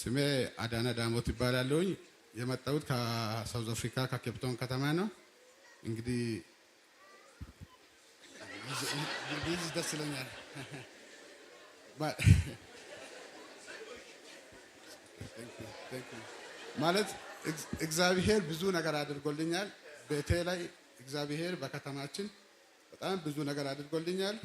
ስሜ አዳነ ዳሞት ይባላለሁኝ። የመጣሁት ከሳውዝ አፍሪካ ከኬፕቶን ከተማ ነው። እንግዲህ ደስ ይለኛል። ማለት እግዚአብሔር ብዙ ነገር አድርጎልኛል። ቤቴ ላይ እግዚአብሔር በከተማችን በጣም ብዙ ነገር አድርጎልኛል።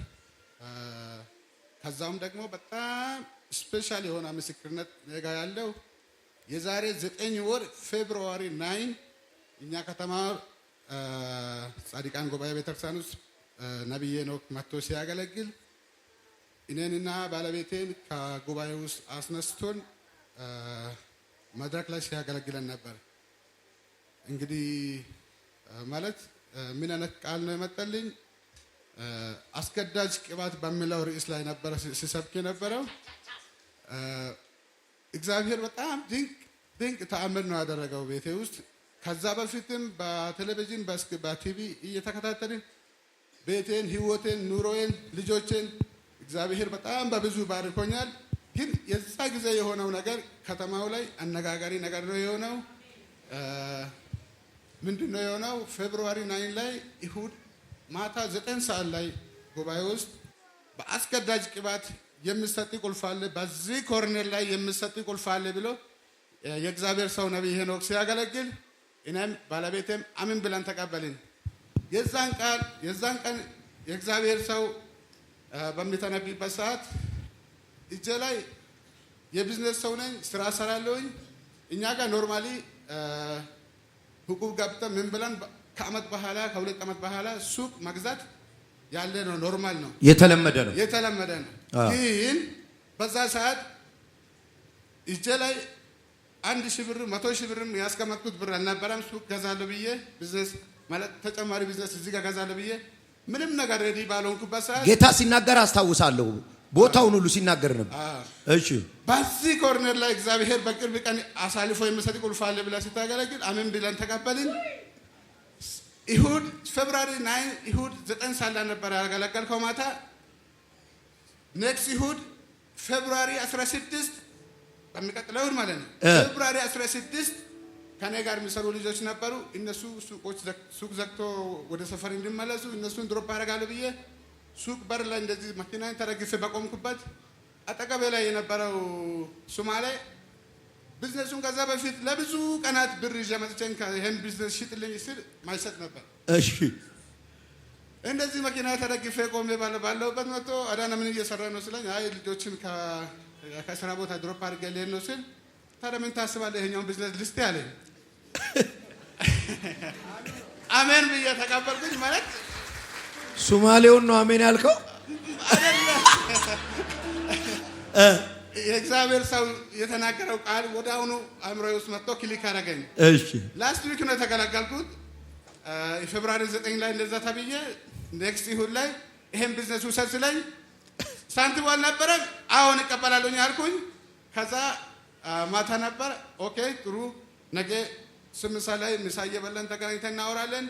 ከዛም ደግሞ በጣም ስፔሻል የሆነ ምስክርነት ጋ ያለው የዛሬ ዘጠኝ ወር ፌብርዋሪ ናይን እኛ ከተማ ጻድቃን ጉባኤ ቤተክርስቲያን ውስጥ ነብዬ ኖክ መጥቶ ሲያገለግል እኔንና ባለቤቴን ከጉባኤ ውስጥ አስነስቶን መድረክ ላይ ሲያገለግለን ነበር። እንግዲህ ማለት ምን አይነት ቃል ነው የመጠልኝ? አስገዳጅ ቅባት በሚለው ርዕስ ላይ ነበረ ሲሰብክ የነበረው። እግዚአብሔር በጣም ድንቅ ድንቅ ተአምር ነው ያደረገው ቤቴ ውስጥ። ከዛ በፊትም በቴሌቪዥን በቲቪ እየተከታተልን ቤቴን፣ ህይወቴን፣ ኑሮዬን፣ ልጆቼን እግዚአብሔር በጣም በብዙ ባርኮኛል። ግን የዛ ጊዜ የሆነው ነገር ከተማው ላይ አነጋጋሪ ነገር ነው የሆነው። ምንድን ነው የሆነው? ፌብሩዋሪ ናይን ላይ ይሁድ ማታ ዘጠኝ ሰዓት ላይ ጉባኤ ውስጥ በአስገዳጅ ቅባት የምሰጥ ቁልፍ አለ፣ በዚህ ኮርኔር ላይ የምሰጥ ቁልፍ አለ ብሎ የእግዚአብሔር ሰው ነቢይ ሄኖክ ሲያገለግል እኔም ባለቤቴም አምን ብለን ተቀበልን። የዛን ቃል የዛን ቀን የእግዚአብሔር ሰው በሚተነብይበት ሰዓት እጄ ላይ የቢዝነስ ሰው ነኝ፣ ስራ ሰራለሁኝ። እኛ ጋር ኖርማሊ ህቁብ ገብተ ምን ብለን ከአመት በኋላ ከሁለት ዓመት በኋላ ሱቅ መግዛት ያለ ነው። ኖርማል ነው፣ የተለመደ ነው፣ የተለመደ ነው። ግን በዛ ሰዓት እጄ ላይ አንድ ሺህ ብር መቶ ሺህ ብርም ያስቀመጥኩት ብር አልነበረም። ሱቅ ገዛለሁ ብዬ ቢዝነስ ማለት ተጨማሪ ቢዝነስ እዚህ ጋር ገዛለሁ ብዬ ምንም ነገር ሬዲ ባልሆንኩበት ሰዓት ጌታ ሲናገር አስታውሳለሁ። ቦታውን ሁሉ ሲናገር ነበር። እሺ በዚህ ኮርነር ላይ እግዚአብሔር በቅርብ ቀን አሳልፎ የምሰጥ ቁልፍ አለ ብላ ስታገለግል አሜን ብለን ተቀበልን። ይሁድ ፌብራሪ ናይን ይሁድ ዘጠኝ ሳላ ነበር ያገለገልከው ማታ። ኔክስት ይሁድ ፌብራሪ 16 በሚቀጥለው ይሁድ ማለት ነው። ፌብራሪ 16 ከኔ ጋር የሚሰሩ ልጆች ነበሩ። እነሱ ሱቆች ሱቅ ዘግቶ ወደ ሰፈር እንዲመለሱ እነሱን ድሮፕ አደርጋለሁ ብዬ ሱቅ በር ላይ እንደዚህ መኪና ተረግፌ በቆምኩበት አጠገቤ ላይ የነበረው ሱማሌ ቢዝነሱን ከዛ በፊት ለብዙ ቀናት ብር ይዤ መጥቼን ይህን ቢዝነስ ሽጥልኝ ስል ማይሰጥ ነበር። እሺ እንደዚህ መኪና ተደግፌ ቆሜ ባለሁበት መጥቶ አዳነ ምን እየሰራ ነው ስለኝ፣ አይ ልጆችን ከስራ ቦታ ድሮፕ አድርጌ ልሄድ ነው ስል፣ ታዲያ ምን ታስባለህ ይሄኛውን ቢዝነስ ልስጥ አለኝ። አሜን ብዬ ተቀበልኩኝ። ማለት ሱማሌውን ነው አሜን ያልከው? የእግዚአብሔር ሰው የተናገረው ቃል ወደ አሁኑ አእምሮ ውስጥ መጥቶ ክሊክ አደረገኝ። እሺ ላስት ዊክ ነው የተገለገልኩት ፌብራሪ ዘጠኝ ላይ እንደዛ ተብዬ ኔክስት ይሁን ላይ ይሄን ቢዝነስ ውሰድ ስለኝ ሳንቲም አልነበረም። አሁን እቀበላለሁኝ አልኩኝ። ከዛ ማታ ነበር። ኦኬ ጥሩ፣ ነገ ስምሳ ላይ ምሳ እየበላን ተገናኝተን እናወራለን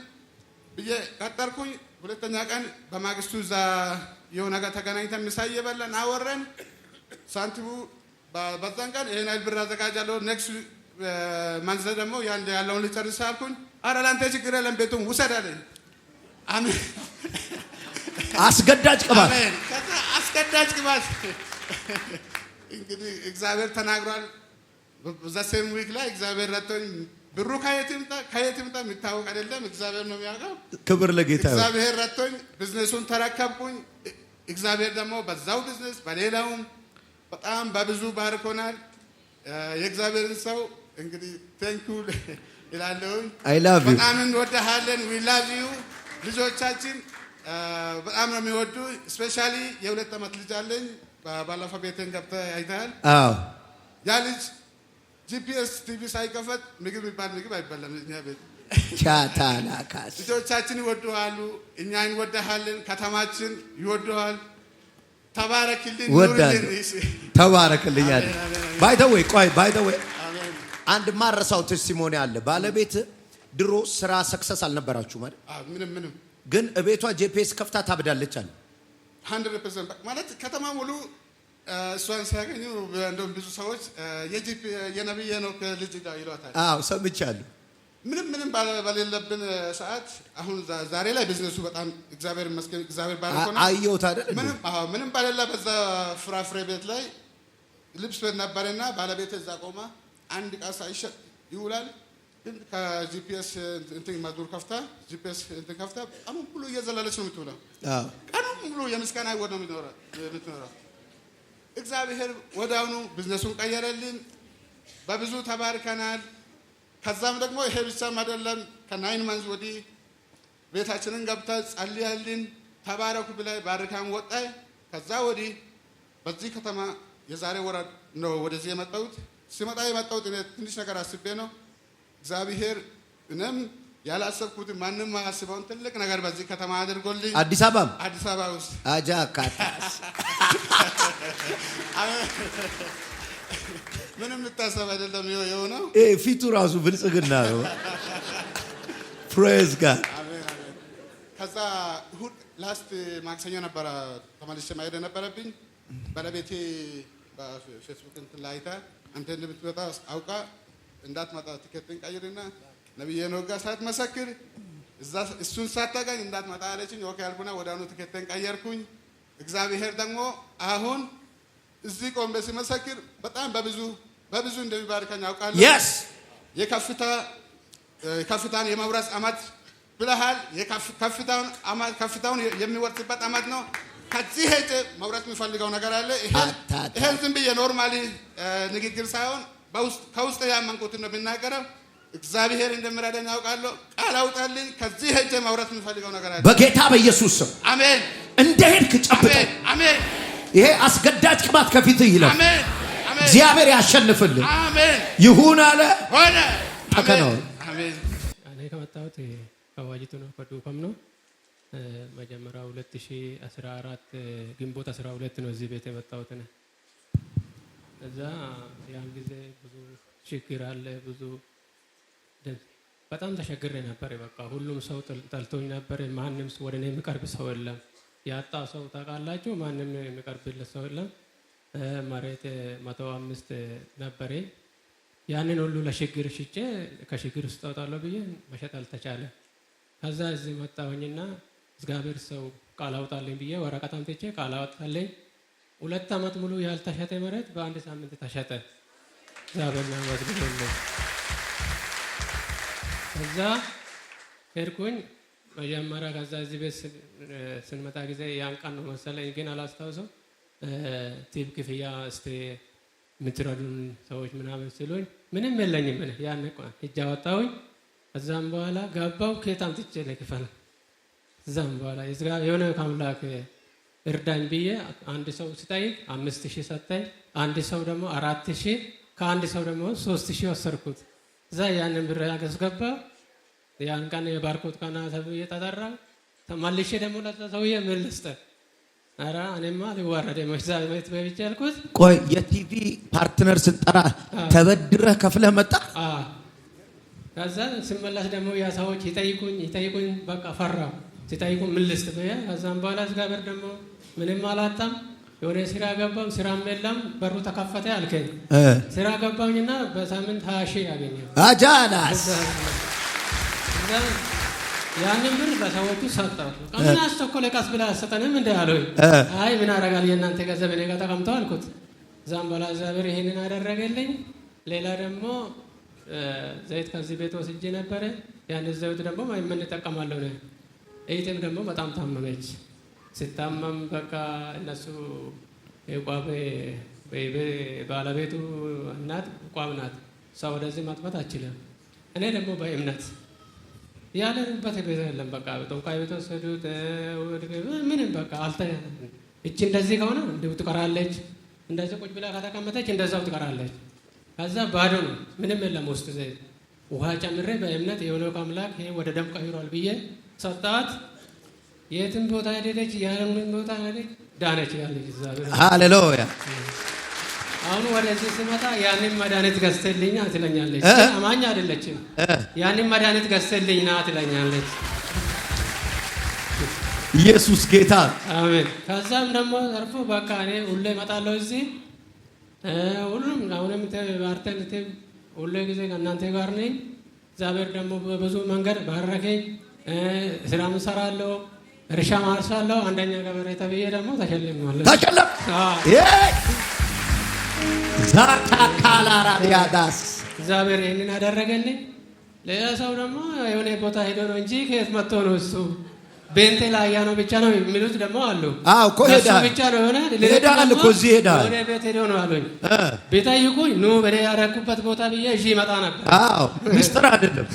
ብዬ ቀጠርኩኝ። ሁለተኛ ቀን በማግስቱ እዛ የሆነ ጋር ተገናኝተን ምሳ እየበላን አወረን። ሳንቲሙ በዛን ቀን ይሄን ያህል ብር አዘጋጃለሁ፣ ኔክስት መንዝ ደግሞ ያለውን ልጨርስ አልኩኝ። አረ ለአንተ ችግር የለም ቤቱን ውሰድ አለኝ። አሜን። አስገዳጅ ቅባት፣ አስገዳጅ ቅባት። እንግዲህ እግዚአብሔር ተናግሯል። ሴም ዊክ ላይ እግዚአብሔር ረቶኝ ብሩ ከየት ይምጣ ከየት ይምጣ የሚታወቅ አይደለም። እግዚአብሔር ነው የሚያውቀው። ክብር ለጌታ። እግዚአብሔር ረቶኝ ቢዝነሱን ተረከብኩኝ። እግዚአብሔር ደግሞ በዛው ቢዝነስ በሌላውም በጣም በብዙ ባርኮናል። የእግዚአብሔርን ሰው እንግዲህ ቴንኩ ይላለሁኝ። በጣም እንወደሃለን። ዊ ላቭ ዩ። ልጆቻችን በጣም ነው የሚወዱ። ስፔሻሊ የሁለት ዓመት ልጅ አለኝ። ባለፈው ቤቴን ገብተህ አይተሃል። ያ ልጅ ጂፒኤስ ቲቪ ሳይከፈት ምግብ የሚባል ምግብ አይበላም እኛ ቤት። ልጆቻችን ይወደዋሉ። እኛ እንወደሃለን። ከተማችን ይወደዋል። ተባረክልኝ ቆይ አንድ ማረሳው ቴስቲሞኒ አለ። ባለቤት ድሮ ስራ ሰክሰስ አልነበራችሁ ማለት ግን እቤቷ ጄፒኤስ ከፍታ ታብዳለች አለ። ማለት ከተማ ሙሉ እሷን ሲያገኙ እንደውም ብዙ ሰዎች የነብዬ ነው ልጅ ይሏታል። ሰምቻለሁ ምንም ምንም በሌለብን ሰዓት አሁን ዛሬ ላይ ቢዝነሱ በጣም እግዚአብሔር ይመስገን እግዚአብሔር ባለሆነ ነው። አየሁት አይደል? ምንም አዎ፣ ምንም በዛ ፍራፍሬ ቤት ላይ ልብስ ቤት ነበረና ባለቤት እዛ ቆማ አንድ ዕቃ ሳይሸጥ ይውላል። ከጂፒኤስ እንትን መዝሙር ከፍታ ጂፒኤስ እንትን ከፍታ ቀኑ ሙሉ እየዘላለች ነው የምትውለው። ቀኑ ሙሉ የምስጋና ህይወት ነው የምትኖረው። እግዚአብሔር ወዲያውኑ ቢዝነሱን ቀየረልን። በብዙ ተባርከናል። ከዛም ደግሞ ይሄ ብቻም አይደለም። ከናይን መንዝ ወዲህ ቤታችንን ገብተ ጸልያልን ተባረኩ ብላይ ባርካን ወጣይ። ከዛ ወዲህ በዚህ ከተማ የዛሬ ወራ ነው ወደዚህ የመጣሁት። ሲመጣ የመጣሁት ትንሽ ነገር አስቤ ነው። እግዚአብሔር እኔም ያላሰብኩት ማንም አያስበውን ትልቅ ነገር በዚህ ከተማ አድርጎልኝ አዲስ አበባ አዲስ አበባ ውስጥ አጃ ካታስ ምንም ልታሰብ አይደለም የሆነው። ፊቱ ራሱ ብልጽግና ነው። ፕሬዝ ጋር ከዛ ላስት ማክሰኞ ነበረ ተመልሼ ማሄድ የነበረብኝ። ባለቤቴ በፌስቡክ እንትን ላይ አይታ አንተ እንደምትመጣ አውቃ እንዳትመጣ ትኬትን ቀይርና ነብዬ ነው ጋር ሳትመሰክር እሱን ሳታገኝ እንዳትመጣ አለችኝ። ኦኬ አልኩና ወዲያውኑ ትኬትን ቀየርኩኝ። እግዚአብሔር ደግሞ አሁን እዚህ ቆሜ ሲመሰክር በጣም በብዙ በብዙ እንደሚባርከኝ አውቃለሁ። የስ የከፍታ የመውረስ አመት ብለሃል። ከፍታውን የሚወርስበት አመት ነው። ከዚህ መውረስ የሚፈልገው ነገር አለ። ይሄን ዝም ብዬ ኖርማሊ ንግግር ሳይሆን ከውስጥ ያመንኩትን ነው የሚናገረው። እግዚአብሔር እንደሚረዳኝ አውቃለሁ። ቃል አውጣልኝ። ከዚህ መውረስ የሚፈልገው ነገር አለ። በጌታ በኢየሱስ ስም አሜን። አሜን። ይሄ አስገዳጅ ቅባት አሜን። እግዚአብሔር ያሸንፍልን። ይሁን አለ ሆነ። ተከናወነ። እኔ ከመጣሁት ከዋጅቱ ነው ከዱከም ነው። መጀመሪያ 2014 ግንቦት 12 ነው እዚህ ቤት የመጣሁት ነው። እዛ ያን ጊዜ ብዙ ችግር አለ። ብዙ በጣም ተሸግሬ ነበር። በቃ ሁሉም ሰው ጠልቶኝ ነበር። ማንም ወደ እኔ የሚቀርብ ሰው የለም። ያጣ ሰው ታውቃላችሁ። ማንም የሚቀርብለት ሰው የለም። መሬት መቶ አምስት ነበሬ ያንን ሁሉ ለሽግር ሽጬ ከሽግር ውስጥ ታውጣለሁ ብዬ መሸጥ አልተቻለ። ከዛ እዚህ መጣሁኝና እግዚአብሔር ሰው ቃል አውጣልኝ ብዬ ወረቀት አምጥቼ ቃል አወጣልኝ። ሁለት ዓመት ሙሉ ያልተሸጠ መሬት በአንድ ሳምንት ተሸጠ። እግዚአብሔርና መዝግብለ ከዛ ሄድኩኝ መጀመሪያ ከዛ እዚህ ቤት ስንመጣ ጊዜ ያን ቀን ነው መሰለኝ ግን አላስታውሰው ቲፕ ክፍያ እስቲ የምትረዱን ሰዎች ምናምን ሲሉኝ ምንም የለኝም እ ያን እጅ አወጣሁኝ። ከዛም በኋላ ገባሁ። ከየት አምጥቼ ልክፈል? እዛም በኋላ የሆነ ከአምላክ እርዳኝ ብዬ አንድ ሰው ስጠይቅ አምስት ሺህ ሰጠኝ። አንድ ሰው ደግሞ አራት ሺህ ከአንድ ሰው ደግሞ ሶስት ሺህ ወሰድኩት። እዛ ያንን ብር ያስገባ ያን ቀን የባርኮት ቀና ተብዬ ተጠራ። ተመልሼ ደግሞ ለዛ ሰውዬ ምን ኧረ እኔማ አልዋረደም። ቤት በብቻ ያልኩት። ቆይ የቲቪ ፓርትነር ስንጠራ ተበድረህ ከፍለህ መጣ። ከዛ ስመለስ ደግሞ ያ ሰዎች ይጠይቁኝ ይጠይቁኝ፣ በቃ ፈራሁ። ሲጠይቁ ምን ልስጥ ብዬ ከዛም በኋላ እግዚአብሔር ደግሞ ምንም አላጣም። የሆነ ስራ ገባም፣ ስራም የለም፣ በሩ ተከፈተ አልከኝ። ስራ ገባኝና በሳምንት ሀያ ሺህ ያገኘሁ አጃላስ ያንን ብር በሰዎቹ ሰጠው። ከምን አስቸኮለ ቀስ ብለህ አሰጠንም እንደ አለ። አይ ምን አረጋል የእናንተ ገንዘብ እኔ ጋር ተቀምጠው አልኩት። እዛም በላ እግዚአብሔር ይሄንን አደረገልኝ። ሌላ ደግሞ ዘይት ከዚህ ቤት ወስጄ ነበረ። ያን ዘይት ደግሞ የምንጠቀማለሁ ነ እህቴም ደግሞ በጣም ታመመች። ስታመም በቃ እነሱ ቋቤ ባለቤቱ እናት ቋም ናት። ወደዚህ ማጥፋት አችልም። እኔ ደግሞ በእምነት ያለንበት ቤት የለም። በቃ ጠንቋይ ቤት ወሰዱት። ምንም በቃ አልተ እች እንደዚህ ከሆነ እንዲሁ ትቀራለች። እንደዚህ ቁጭ ብላ ከተቀመጠች እንደዛው ትቀራለች። ከዛ ባዶ ነው፣ ምንም የለም ውስጥ ዘ ውሃ ጨምሬ በእምነት የሆነው አምላክ ይሄ ወደ ደም ቀይሯል ብዬ ሰጣት። የትም ቦታ ሄደች፣ ያለምን ቦታ ሄደች፣ ዳነች ያለች ሃሌሉያ አሁን ወደዚህ ስመጣ ያንን መድኃኒት ገዝተልኝ ና ትለኛለች። አማኝ አይደለችም። ያንን መድኃኒት ገዝተልኝ ና ትለኛለች። ኢየሱስ ጌታ አሜን። ከዛም ደግሞ ተርፎ በቃ እኔ ሁሌ እመጣለሁ እዚህ ሁሉም አሁንም ባርተን ሁሌ ጊዜ ከእናንተ ጋር ነኝ። እግዚአብሔር ደግሞ በብዙ መንገድ ባረከኝ። ስራ ምሰራለሁ፣ እርሻ ማርሳለሁ። አንደኛ ገበሬ ተብዬ ደግሞ ተሸልሜያለሁ። ተሸለም ዛታ ካላራ እግዚአብሔር ይህንን አደረገልኝ። ሌላ ሰው ደግሞ የሆነ ቦታ ሄዶ ነው እንጂ ከየት መጥቶ ነው እሱ ቤንቴ ላያ ነው ብቻ ነው የሚሉት ደግሞ አሉ። አዎ እኮ ሄዳል ብቻ ነው የሆነ ሄዳል እኮ እዚህ ሄዳል ወደ ቤት ሄዶ ነው አሉኝ። ቢጠይቁኝ ኑ በደ ያረኩበት ቦታ ብዬ እሺ ይመጣ ነበር። አዎ ምስጢር አይደለም።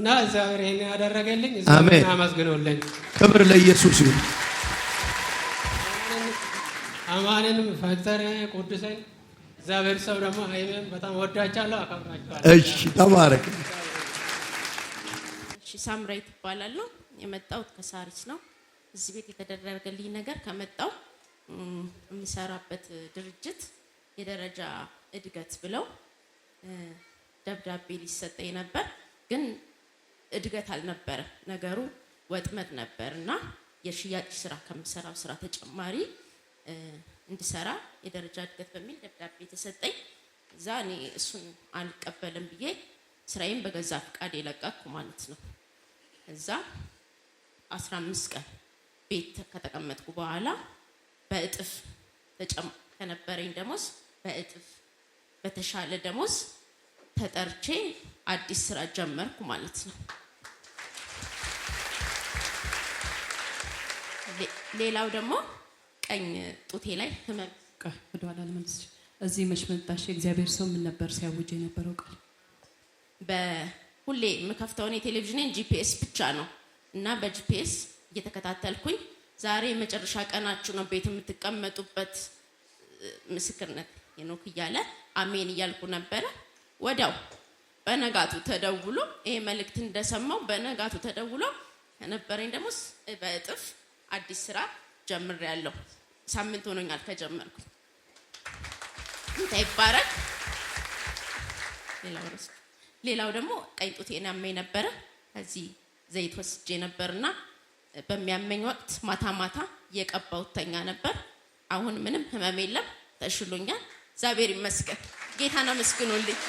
እና እግዚአብሔር ይህን ያደረገልኝ አሜን። አመስግኖልኝ ክብር ለኢየሱስ ይሁን። አማንንም ፈጠረ ቅዱሰን እግዚአብሔር ሰው ደግሞ ሀይሜን በጣም ወዳቻለሁ፣ አከብራችኋለሁ። እሺ፣ ተባረክ። እሺ፣ ሳምራይ ትባላለሁ። የመጣሁት ከሳሪስ ነው። እዚህ ቤት የተደረገልኝ ነገር ከመጣው የሚሰራበት ድርጅት የደረጃ እድገት ብለው ደብዳቤ ሊሰጠኝ ነበር፣ ግን እድገት አልነበረ ነገሩ ወጥመድ ነበር እና የሽያጭ ስራ ከምሰራው ስራ ተጨማሪ እንድሰራ የደረጃ እድገት በሚል ደብዳቤ የተሰጠኝ እዛ እኔ እሱን አልቀበልም ብዬ ስራዬን በገዛ ፍቃድ የለቀኩ ማለት ነው። እዛ አምስት ቀን ቤት ከተቀመጥኩ በኋላ በእጥፍ ከነበረኝ ደሞዝ በእጥፍ በተሻለ ደሞዝ ተጠርቼ አዲስ ስራ ጀመርኩ ማለት ነው። ሌላው ደግሞ ቀኝ ጡቴ ላይ ህመም ወደኋላ ልመልስ። እዚህ መች መጣሽ? የእግዚአብሔር ሰው ምን ነበር ሲያውጅ የነበረው ቃል? በሁሌ የምከፍተውን የቴሌቪዥንን ጂፒኤስ ብቻ ነው እና በጂፒኤስ እየተከታተልኩኝ ዛሬ የመጨረሻ ቀናችሁ ነው ቤት የምትቀመጡበት ምስክርነት የኖክ እያለ አሜን እያልኩ ነበረ። ወዲያው በነጋቱ ተደውሎ ይሄ መልእክት እንደሰማው በነጋቱ ተደውሎ ከነበረኝ ደግሞ በእጥፍ አዲስ ስራ ጀምር ያለው ሳምንት ሆኖኛል ከጀመርኩ። ጌታ ይባረክ። ሌላው ረስ ሌላው ደግሞ ቀኝ ጡቴን ያመኝ ነበረ። ከዚህ ዘይት ወስጄ ነበርና በሚያመኝ ወቅት ማታ ማታ እየቀባው ተኛ ነበር። አሁን ምንም ህመም የለም፣ ተሽሎኛል። እግዚአብሔር ይመስገን። ጌታን አመስግኑልኝ።